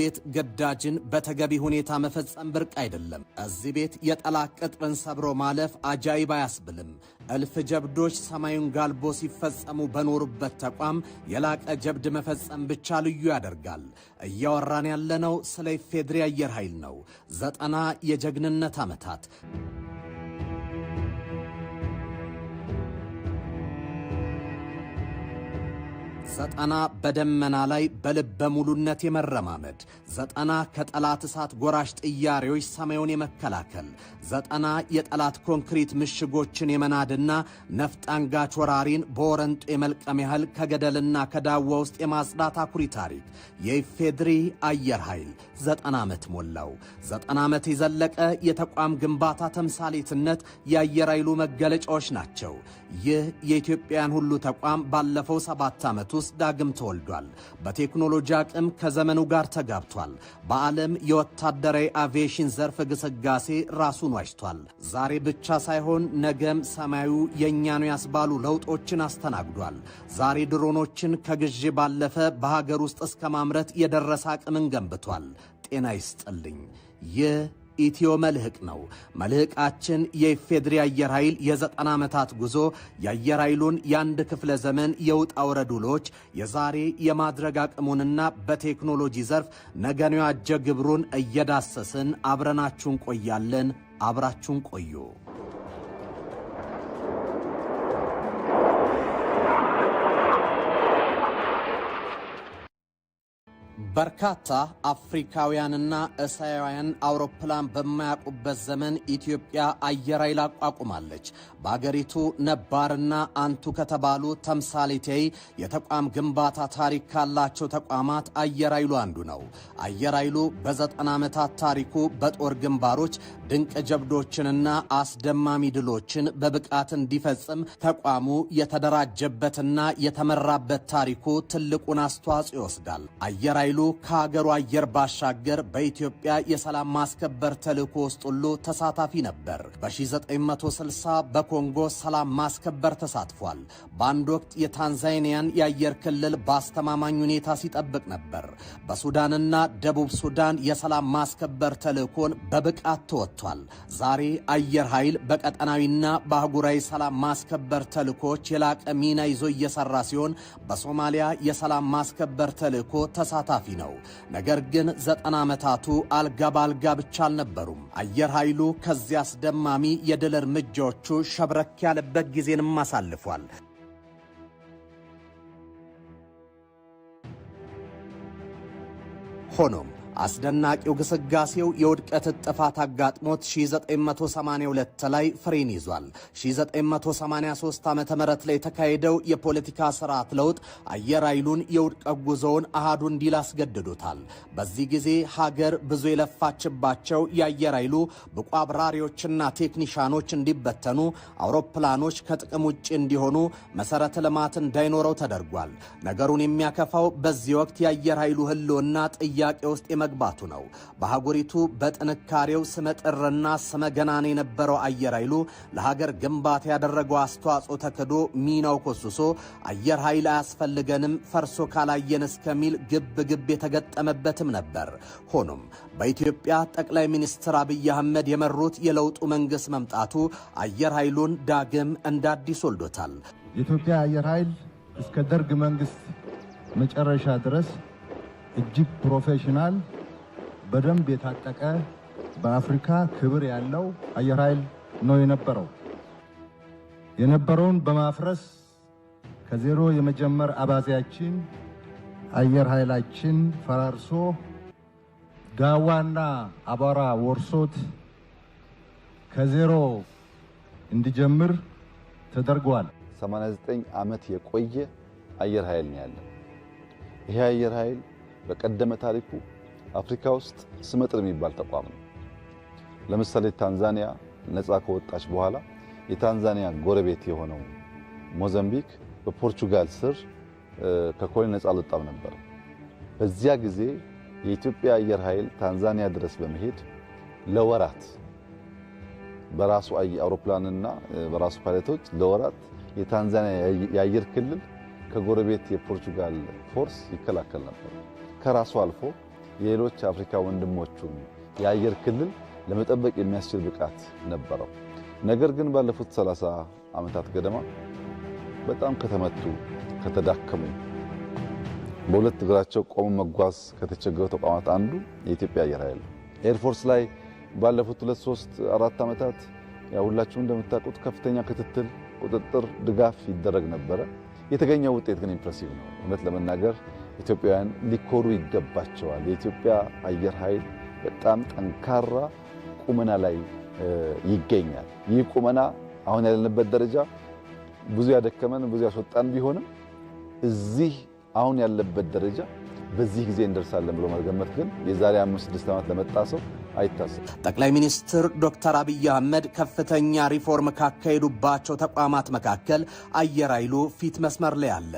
ቤት ግዳጅን በተገቢ ሁኔታ መፈጸም ብርቅ አይደለም። እዚህ ቤት የጠላት ቅጥርን ሰብሮ ማለፍ አጃይብ አያስብልም። እልፍ ጀብዶች ሰማዩን ጋልቦ ሲፈጸሙ በኖሩበት ተቋም የላቀ ጀብድ መፈጸም ብቻ ልዩ ያደርጋል። እያወራን ያለነው ስለ ኢፌድሪ አየር ኃይል ነው። ዘጠና የጀግንነት ዓመታት ዘጠና በደመና ላይ በልበ ሙሉነት የመረማመድ ዘጠና ከጠላት እሳት ጎራሽ ጥያሬዎች ሰማዩን የመከላከል ዘጠና የጠላት ኮንክሪት ምሽጎችን የመናድና ነፍጥ አንጋች ወራሪን በወረንጦ የመልቀም ያህል ከገደልና ከዳዋ ውስጥ የማጽዳት አኩሪ ታሪክ የኢፌድሪ አየር ኃይል ዘጠና ዓመት ሞላው። ዘጠና ዓመት የዘለቀ የተቋም ግንባታ ተምሳሌትነት የአየር ኃይሉ መገለጫዎች ናቸው። ይህ የኢትዮጵያን ሁሉ ተቋም ባለፈው ሰባት ዓመቱ ውስጥ ዳግም ተወልዷል። በቴክኖሎጂ አቅም ከዘመኑ ጋር ተጋብቷል። በዓለም የወታደራዊ አቪዬሽን ዘርፍ ግስጋሴ ራሱን ዋጅቷል። ዛሬ ብቻ ሳይሆን ነገም ሰማዩ የእኛ ነው ያስባሉ ለውጦችን አስተናግዷል። ዛሬ ድሮኖችን ከግዢ ባለፈ በሀገር ውስጥ እስከ ማምረት የደረሰ አቅምን ገንብቷል። ጤና ይስጥልኝ። ይህ ኢትዮ መልህቅ ነው። መልህቃችን የኢፌድሪ አየር ኃይል የዘጠና ዓመታት ጉዞ የአየር ኃይሉን የአንድ ክፍለ ዘመን የውጣ ውረድ ውሎች የዛሬ የማድረግ አቅሙንና በቴክኖሎጂ ዘርፍ ነገን ያጀ ግብሩን እየዳሰስን አብረናችሁን ቆያለን። አብራችሁን ቆዩ። በርካታ አፍሪካውያንና እስያውያን አውሮፕላን በማያውቁበት ዘመን ኢትዮጵያ አየር ኃይል አቋቁማለች። በአገሪቱ ነባርና አንቱ ከተባሉ ተምሳሌቴ የተቋም ግንባታ ታሪክ ካላቸው ተቋማት አየር ኃይሉ አንዱ ነው። አየር ኃይሉ በዘጠና ዓመታት ታሪኩ በጦር ግንባሮች ድንቅ ጀብዶችንና አስደማሚ ድሎችን በብቃት እንዲፈጽም ተቋሙ የተደራጀበትና የተመራበት ታሪኩ ትልቁን አስተዋጽኦ ይወስዳል። አየር ኃይሉ ከሀገሩ አየር ባሻገር በኢትዮጵያ የሰላም ማስከበር ተልእኮ ውስጥ ሁሉ ተሳታፊ ነበር። በ1960 በኮንጎ ሰላም ማስከበር ተሳትፏል። በአንድ ወቅት የታንዛኒያን የአየር ክልል በአስተማማኝ ሁኔታ ሲጠብቅ ነበር። በሱዳንና ደቡብ ሱዳን የሰላም ማስከበር ተልእኮን በብቃት ተወጥቷል። ዛሬ አየር ኃይል በቀጠናዊና በአህጉራዊ ሰላም ማስከበር ተልእኮች የላቀ ሚና ይዞ እየሰራ ሲሆን በሶማሊያ የሰላም ማስከበር ተልእኮ ተሳታፊ ነው። ነገር ግን ዘጠና ዓመታቱ አልጋ ባልጋ ብቻ አልነበሩም። አየር ኃይሉ ከዚያ አስደማሚ የድል እርምጃዎቹ ሸብረክ ያለበት ጊዜንም አሳልፏል። ሆኖም አስደናቂው ግስጋሴው የውድቀት ጥፋት አጋጥሞት 1982 ላይ ፍሬን ይዟል። 1983 ዓ ም ላይ የተካሄደው የፖለቲካ ስርዓት ለውጥ አየር ኃይሉን የውድቀት ጉዞውን አሃዱ እንዲል አስገድዶታል። በዚህ ጊዜ ሀገር ብዙ የለፋችባቸው የአየር ኃይሉ ብቁ አብራሪዎችና ቴክኒሻኖች እንዲበተኑ፣ አውሮፕላኖች ከጥቅም ውጭ እንዲሆኑ፣ መሠረተ ልማት እንዳይኖረው ተደርጓል። ነገሩን የሚያከፋው በዚህ ወቅት የአየር ኃይሉ ህልውና ጥያቄ ውስጥ መግባቱ ነው። በሀጎሪቱ በጥንካሬው ስመጥርና ስመገናን የነበረው አየር ኃይሉ ለሀገር ግንባታ ያደረገው አስተዋጽኦ ተክዶ ሚናው ኮስሶ አየር ኃይል አያስፈልገንም ፈርሶ ካላየን እስከሚል ግብ ግብ የተገጠመበትም ነበር። ሆኖም በኢትዮጵያ ጠቅላይ ሚኒስትር አብይ አህመድ የመሩት የለውጡ መንግሥት መምጣቱ አየር ኃይሉን ዳግም እንዳዲስ ወልዶታል። የኢትዮጵያ አየር ኃይል እስከ ደርግ መንግሥት መጨረሻ ድረስ እጅግ ፕሮፌሽናል በደንብ የታጠቀ በአፍሪካ ክብር ያለው አየር ኃይል ነው የነበረው። የነበረውን በማፍረስ ከዜሮ የመጀመር አባዜያችን አየር ኃይላችን ፈራርሶ ዳዋና አቧራ ወርሶት ከዜሮ እንዲጀምር ተደርጓል። 89 ዓመት የቆየ አየር ኃይል ነው ያለ። ይሄ አየር ኃይል በቀደመ ታሪኩ አፍሪካ ውስጥ ስመጥር የሚባል ተቋም ነው። ለምሳሌ ታንዛኒያ ነፃ ከወጣች በኋላ የታንዛኒያ ጎረቤት የሆነው ሞዛምቢክ በፖርቹጋል ስር ከኮሎኒ ነፃ አልወጣም ነበር። በዚያ ጊዜ የኢትዮጵያ አየር ኃይል ታንዛኒያ ድረስ በመሄድ ለወራት በራሱ አውሮፕላንና በራሱ ፓይለቶች ለወራት የታንዛኒያ የአየር ክልል ከጎረቤት የፖርቹጋል ፎርስ ይከላከል ነበር ከራሱ አልፎ የሌሎች አፍሪካ ወንድሞቹን የአየር ክልል ለመጠበቅ የሚያስችል ብቃት ነበረው። ነገር ግን ባለፉት 30 ዓመታት ገደማ በጣም ከተመቱ፣ ከተዳከሙ፣ በሁለት እግራቸው ቆሙ መጓዝ ከተቸገሩ ተቋማት አንዱ የኢትዮጵያ አየር ኃይል ኤርፎርስ ላይ ባለፉት ሁለት ሶስት አራት ዓመታት ያው ሁላችሁም እንደምታውቁት ከፍተኛ ክትትል፣ ቁጥጥር፣ ድጋፍ ይደረግ ነበረ። የተገኘው ውጤት ግን ኢምፕሬሲቭ ነው እውነት ለመናገር ኢትዮጵያውያን ሊኮሩ ይገባቸዋል። የኢትዮጵያ አየር ኃይል በጣም ጠንካራ ቁመና ላይ ይገኛል። ይህ ቁመና አሁን ያለንበት ደረጃ ብዙ ያደከመን ብዙ ያስወጣን ቢሆንም እዚህ አሁን ያለበት ደረጃ በዚህ ጊዜ እንደርሳለን ብሎ መገመት ግን የዛሬ አምስት ስድስት ዓመት ለመጣ ሰው አይታሰብም። ጠቅላይ ሚኒስትር ዶክተር አብይ አህመድ ከፍተኛ ሪፎርም ካካሄዱባቸው ተቋማት መካከል አየር ኃይሉ ፊት መስመር ላይ አለ።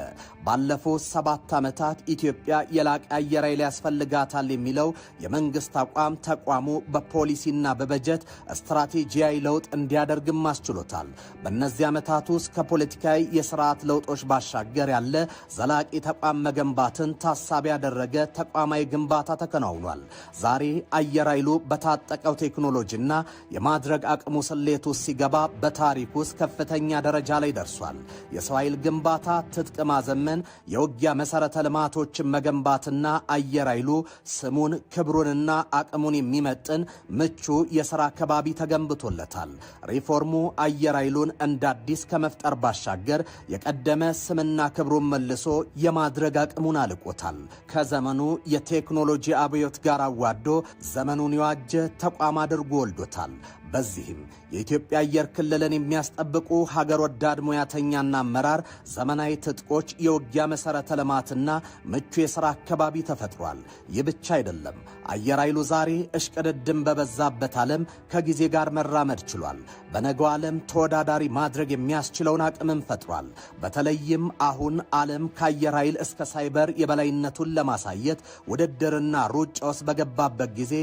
ባለፉት ሰባት ዓመታት ኢትዮጵያ የላቀ አየር ኃይል ያስፈልጋታል የሚለው የመንግስት አቋም ተቋሙ በፖሊሲና በበጀት ስትራቴጂያዊ ለውጥ እንዲያደርግም አስችሎታል። በእነዚህ ዓመታት ውስጥ ከፖለቲካዊ የስርዓት ለውጦች ባሻገር ያለ ዘላቂ ተቋም መገንባትን ታሳቢ ያደረገ ተቋማዊ ግንባታ ተከናውኗል። ዛሬ አየር ኃይሉ በታጠቀው ቴክኖሎጂና የማድረግ አቅሙ ስሌት ውስጥ ሲገባ በታሪክ ውስጥ ከፍተኛ ደረጃ ላይ ደርሷል። የሰው ኃይል ግንባታ፣ ትጥቅ ማዘመን፣ የውጊያ መሠረተ ልማቶችን መገንባትና አየር ኃይሉ ስሙን ክብሩንና አቅሙን የሚመጥን ምቹ የሥራ አካባቢ ተገንብቶለታል። ሪፎርሙ አየር ኃይሉን እንደ አዲስ ከመፍጠር ባሻገር የቀደመ ስምና ክብሩን መልሶ የማድረግ አቅሙን አልቆታል። ከዘመኑ የቴክኖሎጂ አብዮት ጋር አዋዶ ዘመኑን ዋ የተደራጀ ተቋም አድርጎ ወልዶታል። በዚህም የኢትዮጵያ አየር ክልልን የሚያስጠብቁ ሀገር ወዳድ ሙያተኛና አመራር፣ ዘመናዊ ትጥቆች፣ የውጊያ መሠረተ ልማትና ምቹ የሥራ አካባቢ ተፈጥሯል። ይህ ብቻ አይደለም። አየር ኃይሉ ዛሬ እሽቅድድም በበዛበት ዓለም ከጊዜ ጋር መራመድ ችሏል። በነገው ዓለም ተወዳዳሪ ማድረግ የሚያስችለውን አቅምም ፈጥሯል። በተለይም አሁን ዓለም ከአየር ኃይል እስከ ሳይበር የበላይነቱን ለማሳየት ውድድርና ሩጫ ውስጥ በገባበት ጊዜ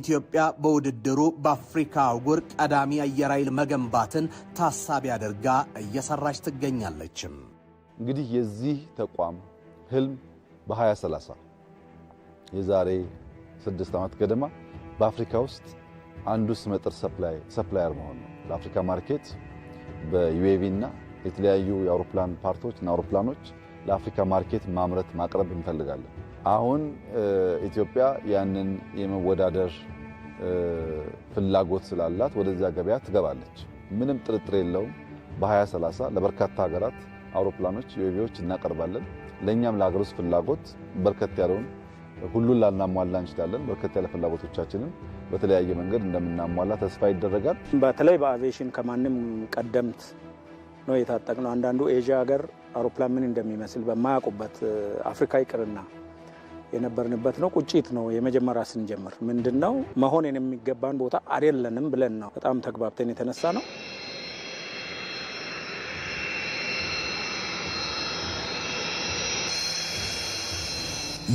ኢትዮጵያ በውድድሩ በአፍሪካ አውጉ የወርቅ ቀዳሚ አየር ኃይል መገንባትን ታሳቢ አድርጋ እየሰራች ትገኛለችም። እንግዲህ የዚህ ተቋም ህልም በ2030 የዛሬ ስድስት ዓመት ገደማ በአፍሪካ ውስጥ አንዱ ስመጥር ሰፕላየር መሆን ነው። ለአፍሪካ ማርኬት በዩኤቪ እና የተለያዩ የአውሮፕላን ፓርቶች እና አውሮፕላኖች ለአፍሪካ ማርኬት ማምረት ማቅረብ እንፈልጋለን። አሁን ኢትዮጵያ ያንን የመወዳደር ፍላጎት ስላላት ወደዚያ ገበያ ትገባለች። ምንም ጥርጥር የለውም። በ2030 ለበርካታ ሀገራት አውሮፕላኖች፣ ዩኤቪዎች እናቀርባለን። ለእኛም ለሀገር ውስጥ ፍላጎት በርከት ያለውን ሁሉን ላናሟላ እንችላለን። በርከት ያለ ፍላጎቶቻችንን በተለያየ መንገድ እንደምናሟላ ተስፋ ይደረጋል። በተለይ በአቪዬሽን ከማንም ቀደምት ነው የታጠቅነው። አንዳንዱ ኤዥያ ሀገር አውሮፕላን ምን እንደሚመስል በማያውቁበት አፍሪካ ይቅርና የነበርንበት ነው። ቁጭት ነው የመጀመሪያ ስንጀምር ምንድን ነው መሆን የሚገባን ቦታ አይደለንም ብለን ነው በጣም ተግባብተን የተነሳ ነው።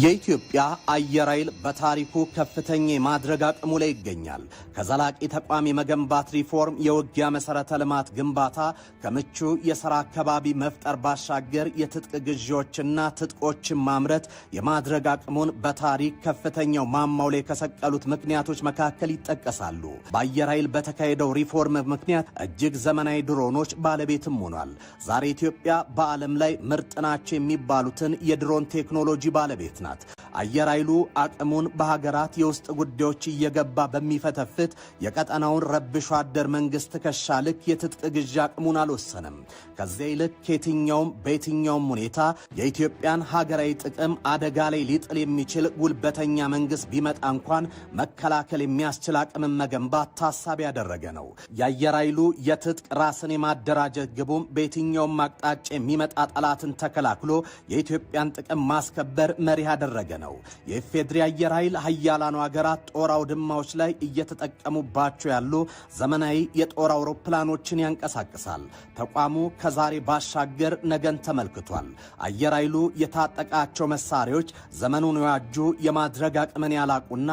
የኢትዮጵያ አየር ኃይል በታሪኩ ከፍተኛ የማድረግ አቅሙ ላይ ይገኛል። ከዘላቂ ተቋም የመገንባት ሪፎርም፣ የውጊያ መሰረተ ልማት ግንባታ፣ ከምቹ የሥራ አካባቢ መፍጠር ባሻገር የትጥቅ ግዢዎችና ትጥቆችን ማምረት የማድረግ አቅሙን በታሪክ ከፍተኛው ማማው ላይ ከሰቀሉት ምክንያቶች መካከል ይጠቀሳሉ። በአየር ኃይል በተካሄደው ሪፎርም ምክንያት እጅግ ዘመናዊ ድሮኖች ባለቤትም ሆኗል። ዛሬ ኢትዮጵያ በዓለም ላይ ምርጥ ናቸው የሚባሉትን የድሮን ቴክኖሎጂ ባለቤት ናት። አየር ኃይሉ አቅሙን በሀገራት የውስጥ ጉዳዮች እየገባ በሚፈተፍት የቀጠናውን ረብሾ አደር መንግስት ትከሻ ልክ የትጥቅ ግዥ አቅሙን አልወሰንም። ከዚያ ይልቅ ከየትኛውም በየትኛውም ሁኔታ የኢትዮጵያን ሀገራዊ ጥቅም አደጋ ላይ ሊጥል የሚችል ጉልበተኛ መንግስት ቢመጣ እንኳን መከላከል የሚያስችል አቅምን መገንባት ታሳቢ ያደረገ ነው። የአየር ኃይሉ የትጥቅ ራስን የማደራጀት ግቡም በየትኛውም አቅጣጫ የሚመጣ ጠላትን ተከላክሎ የኢትዮጵያን ጥቅም ማስከበር መሪህ ያደረገ ነው። ነው። የኢፌድሪ አየር ኃይል ሀያላኑ ሀገራት ጦር አውድማዎች ላይ እየተጠቀሙባቸው ያሉ ዘመናዊ የጦር አውሮፕላኖችን ያንቀሳቅሳል። ተቋሙ ከዛሬ ባሻገር ነገን ተመልክቷል። አየር ኃይሉ የታጠቃቸው መሳሪያዎች ዘመኑን የዋጁ የማድረግ አቅምን ያላቁና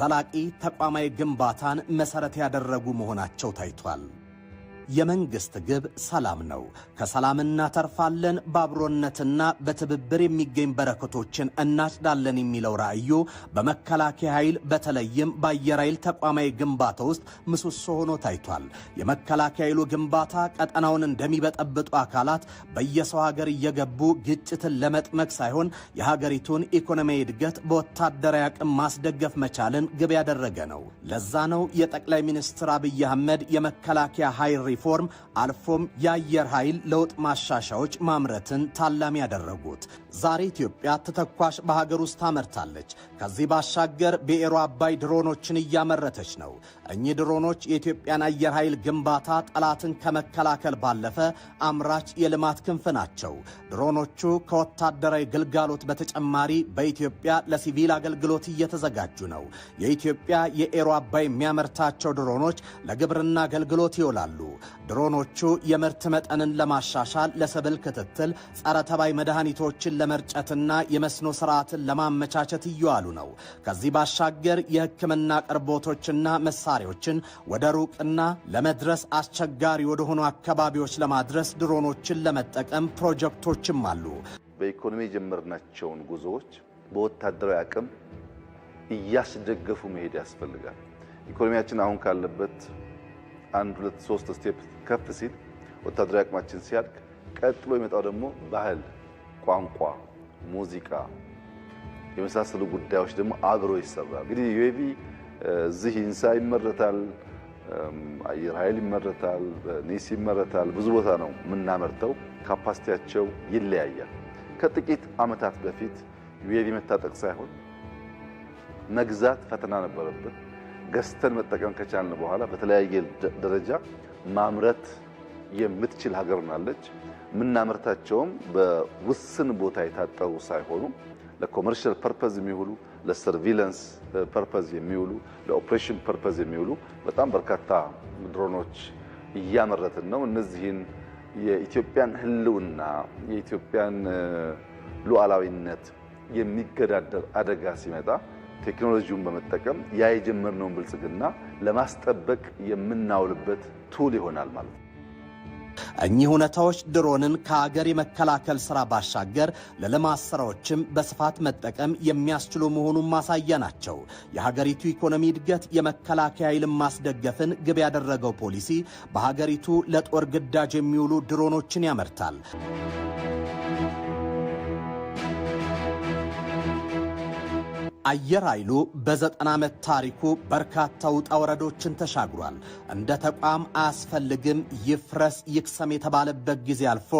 ዘላቂ ተቋማዊ ግንባታን መሰረት ያደረጉ መሆናቸው ታይቷል። የመንግስት ግብ ሰላም ነው። ከሰላም እናተርፋለን፣ በአብሮነትና በትብብር የሚገኝ በረከቶችን እናጭዳለን የሚለው ራዕዩ በመከላከያ ኃይል በተለይም በአየር ኃይል ተቋማዊ ግንባታ ውስጥ ምሰሶ ሆኖ ታይቷል። የመከላከያ ኃይሉ ግንባታ ቀጠናውን እንደሚበጠብጡ አካላት በየሰው ሀገር እየገቡ ግጭትን ለመጥመቅ ሳይሆን የሀገሪቱን ኢኮኖሚያዊ እድገት በወታደራዊ አቅም ማስደገፍ መቻልን ግብ ያደረገ ነው። ለዛ ነው የጠቅላይ ሚኒስትር አብይ አህመድ የመከላከያ ኃይል ሪፎርም አልፎም የአየር ኃይል ለውጥ ማሻሻዎች ማምረትን ታላሚ ያደረጉት። ዛሬ ኢትዮጵያ ተተኳሽ በሀገር ውስጥ ታመርታለች። ከዚህ ባሻገር ብሔሩ አባይ ድሮኖችን እያመረተች ነው። እኚህ ድሮኖች የኢትዮጵያን አየር ኃይል ግንባታ ጠላትን ከመከላከል ባለፈ አምራች የልማት ክንፍ ናቸው። ድሮኖቹ ከወታደራዊ ግልጋሎት በተጨማሪ በኢትዮጵያ ለሲቪል አገልግሎት እየተዘጋጁ ነው። የኢትዮጵያ የኤሮ አባይ የሚያመርታቸው ድሮኖች ለግብርና አገልግሎት ይውላሉ። ድሮኖቹ የምርት መጠንን ለማሻሻል ለሰብል ክትትል፣ ጸረ ተባይ መድኃኒቶችን ለመርጨትና የመስኖ ስርዓትን ለማመቻቸት እየዋሉ ነው። ከዚህ ባሻገር የሕክምና ቅርቦቶችና መሳሪያዎችን ወደ ሩቅና ለመድረስ አስቸጋሪ ወደሆኑ አካባቢዎች ለማድረስ ድሮኖችን ለመጠቀም ፕሮጀክቶችም አሉ። በኢኮኖሚ የጀመርናቸውን ጉዞዎች በወታደራዊ አቅም እያስደገፉ መሄድ ያስፈልጋል። ኢኮኖሚያችን አሁን ካለበት አንድ ሁለት ሶስት ስቴፕ ከፍ ሲል ወታደራዊ አቅማችን ሲያድግ ቀጥሎ የመጣው ደግሞ ባህል፣ ቋንቋ፣ ሙዚቃ የመሳሰሉ ጉዳዮች ደግሞ አብሮ ይሰራል። እንግዲህ ዩኤቪ እዚህ ኢንሳ ይመረታል፣ አየር ኃይል ይመረታል፣ ኒስ ይመረታል። ብዙ ቦታ ነው የምናመርተው። ካፓሲቲያቸው ይለያያል። ከጥቂት ዓመታት በፊት ዩኤቪ መታጠቅ ሳይሆን መግዛት ፈተና ነበረብን። ገዝተን መጠቀም ከቻልን በኋላ በተለያየ ደረጃ ማምረት የምትችል ሀገር ናለች። የምናመርታቸውም በውስን ቦታ የታጠሩ ሳይሆኑ ለኮመርሻል ፐርፐዝ የሚውሉ ለሰርቪለንስ ፐርፐዝ የሚውሉ ለኦፕሬሽን ፐርፐዝ የሚውሉ በጣም በርካታ ድሮኖች እያመረትን ነው። እነዚህን የኢትዮጵያን ሕልውና የኢትዮጵያን ሉዓላዊነት የሚገዳደር አደጋ ሲመጣ ቴክኖሎጂውን በመጠቀም ያ የጀመርነውን ብልጽግና ለማስጠበቅ የምናውልበት ቱል ይሆናል ማለት ነው። እኚህ እውነታዎች ድሮንን ከአገር የመከላከል ሥራ ባሻገር ለልማት ሥራዎችም በስፋት መጠቀም የሚያስችሉ መሆኑን ማሳያ ናቸው። የሀገሪቱ ኢኮኖሚ እድገት የመከላከያ ኃይልን ማስደገፍን ግብ ያደረገው ፖሊሲ በሀገሪቱ ለጦር ግዳጅ የሚውሉ ድሮኖችን ያመርታል። አየር ኃይሉ በዘጠና ዓመት ታሪኩ በርካታ ውጣ ወረዶችን ተሻግሯል። እንደ ተቋም አያስፈልግም ይፍረስ ይክሰም የተባለበት ጊዜ አልፎ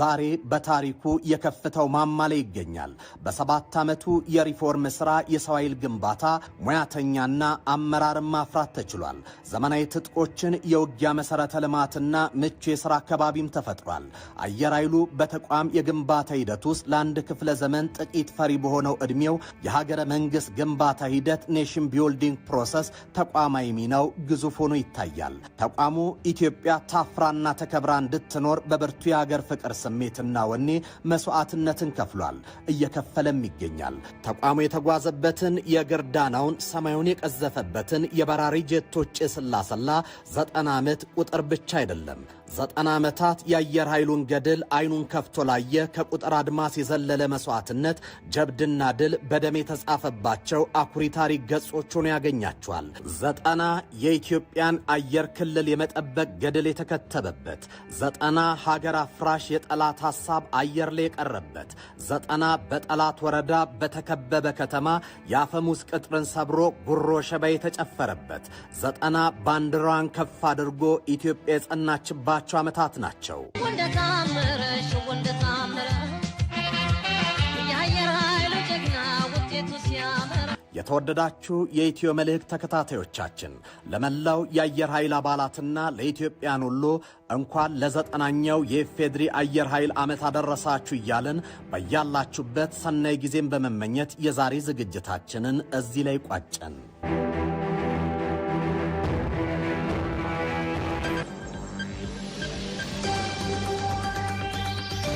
ዛሬ በታሪኩ የከፍተው ማማ ላይ ይገኛል። በሰባት ዓመቱ የሪፎርም ሥራ የሰው ኃይል ግንባታ፣ ሙያተኛና አመራርን ማፍራት ተችሏል። ዘመናዊ ትጥቆችን፣ የውጊያ መሠረተ ልማትና ምቹ የሥራ አካባቢም ተፈጥሯል። አየር ኃይሉ በተቋም የግንባታ ሂደት ውስጥ ለአንድ ክፍለ ዘመን ጥቂት ፈሪ በሆነው ዕድሜው የሀገረ የመንግስት ግንባታ ሂደት ኔሽን ቢልዲንግ ፕሮሰስ ተቋማዊ ሚናው ግዙፍ ሆኖ ይታያል። ተቋሙ ኢትዮጵያ ታፍራና ተከብራ እንድትኖር በብርቱ የአገር ፍቅር ስሜትና ወኔ መስዋዕትነትን ከፍሏል፣ እየከፈለም ይገኛል። ተቋሙ የተጓዘበትን የግርዳናውን ዳናውን ሰማዩን የቀዘፈበትን የበራሪ ጀቶች ስላሰላ ዘጠና ዓመት ቁጥር ብቻ አይደለም ዘጠና ዓመታት የአየር ኃይሉን ገድል አይኑን ከፍቶ ላየ ከቁጥር አድማስ የዘለለ መስዋዕትነት ጀብድና ድል በደም የተጻፈባቸው አኩሪ ታሪክ ገጾች ሆኖ ያገኛቸዋል። ዘጠና የኢትዮጵያን አየር ክልል የመጠበቅ ገድል የተከተበበት፣ ዘጠና ሀገር አፍራሽ የጠላት ሐሳብ አየር ላይ የቀረበት፣ ዘጠና በጠላት ወረዳ በተከበበ ከተማ የአፈሙዝ ቅጥርን ሰብሮ ጉሮ ሸባ የተጨፈረበት፣ ዘጠና ባንዲራዋን ከፍ አድርጎ ኢትዮጵያ የጸናችባት የምንላቸው ዓመታት ናቸው። የተወደዳችሁ የኢትዮ መልእክት ተከታታዮቻችን ለመላው የአየር ኃይል አባላትና ለኢትዮጵያን ሁሉ እንኳን ለዘጠናኛው የኢፌድሪ አየር ኃይል ዓመት አደረሳችሁ እያለን በያላችሁበት ሰናይ ጊዜን በመመኘት የዛሬ ዝግጅታችንን እዚህ ላይ ቋጨን።